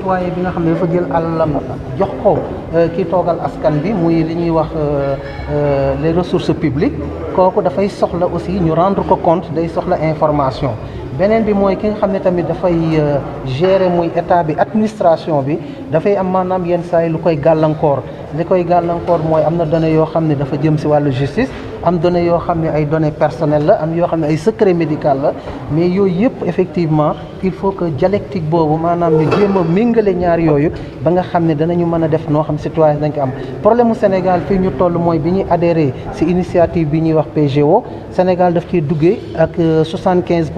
citoyen bi nga xam ne dafa jël alalam jox ko euh, ki toogal askan bi muy li ñuy wax euh, euh, les ressources publique kooku dafay soxla aussi ñu rendre ko compte day soxla information beneen bi mooy ki nga xam ne tamit dafay gérer muy état bi administration bi dafay am maanaam yenn saa lu koy gàllankoor li koy gàllankoor moy amna na données yoo xam ne dafa jëm ci walu justice am données yo xamné ay données personnelles la am yo xamné ay secret médical la mais yooyu effectivement il faut que dialectique bobu manam ñu jëma mingalé ñaar yoyu ba nga xamné ne danañu mën def no xam citoyen dañ ko am problème Sénégal fi ñu toll moy bi adhéré ci initiative bi wax PGO Sénégal daf ci duggé ak 75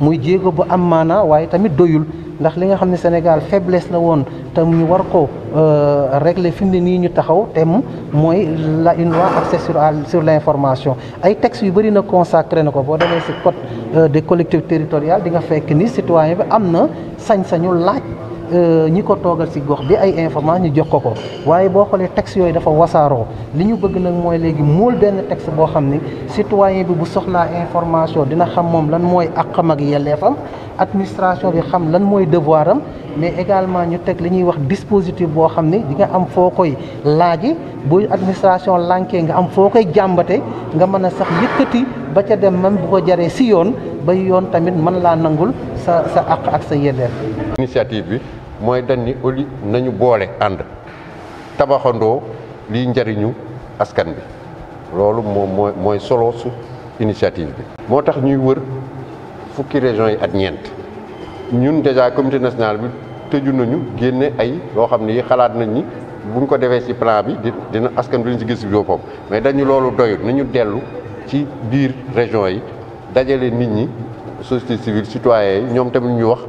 muy jéego bu am maanaa tamit doyul ndax li nga xam ne Sénégal faiblesse la woon te ñu war ko euh, régler fi mu ne nii ñu taxaw te mooy la une loi accès sur sur l' information ay textes yu bëri na consacré na ko boo demee si code euh, des collectivités territoriales di nga fekk ni citoyen bi am na sañ-sañu laaj. Euh, ñi ko toogal ci gox bi ay information ñu jox ko ko waaye boo xoolee texte yooyu dafa wasaaroo li ñu bëgg nag mooy léegi mool benn texte boo xam ni citoyen bi bu soxlaa information dina xam moom lan mooy àqam ak yelleefam administration bi xam lan mooy devoir am mais également ñu teg li ñuy wax dispositif boo xam ni di nga am foo koy laaji bu administration lànkee nga am foo koy jàmbate nga mën a sax yëkkati ba ca dem man bu ko jaree si yoon ba yoon tamit mën laa nangul sa sa àq ak sa yelleef. initiative bi mooy dañ ni oli nañu boole ànd tabaxandoo liy njariñu askan bi loolu moom mooy mooy solo su initiative bi. moo tax ñuy wër fukki régions yi ak ñeent ñun déjà comité national bi tëju nañu génne ay loo xam ne yi xalaat nañ ni. bu ñu ko defee ci plan bi di dina askan bi si gis si boppam mais dañu loolu doyut nañu dellu ci biir région yi dajale nit ñi société civile citoyen yi ñoom tamit ñu wax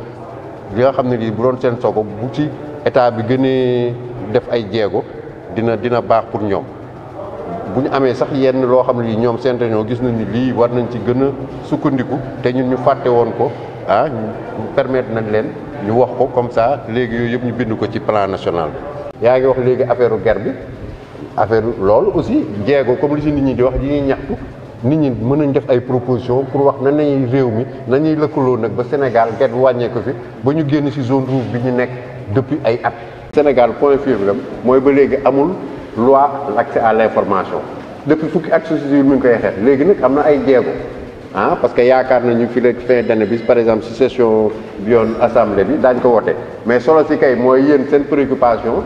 li nga xam ne lii bu doon seen sogo bu ci état bi gënee def ay jéego dina dina baax pour ñoom bu ñu amee sax yenn loo xam ne lii ñoom seen réunion gis nañu lii war nañ ci gën a sukkandiku te ñun ñu fàtte woon ko ah permettre nañ leen ñu wax ko comme ça léegi yooyu yëpp ñu bind ko ci plan national bi. yaa ngi wax léegi affaire guerre bi loolu aussi jéego comme li si nit ñi di wax yi ñuy ñaxtu. nit ñi mën nañ def ay proposition pour wax nan nañuy réew mi nañuy lëkkaloo nag ba Sénégal get ko fi ba ñu génn ci zone rouge bi ñu nekk depuis ay at Sénégal point faible am mooy ba léegi amul loi l'accès à l'information depuis fukki ak société yi mu ngi koy xeex léegi nag am na ay jéego ah parce que yaakaar nañu fi la fin d'année bi par exemple ci session bi yoon assemblée bi daañ ko wote mais solo ci kay mooy yéen seen préoccupation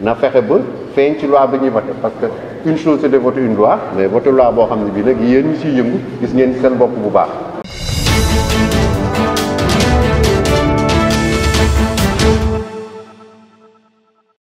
na fexe ba feeñ ci loi bi ñuy voté parce que une chose de voter une loi mais voter loi boo xam ne bii nag yéen ñi si yëngu gis ngeen seen bopp bu baax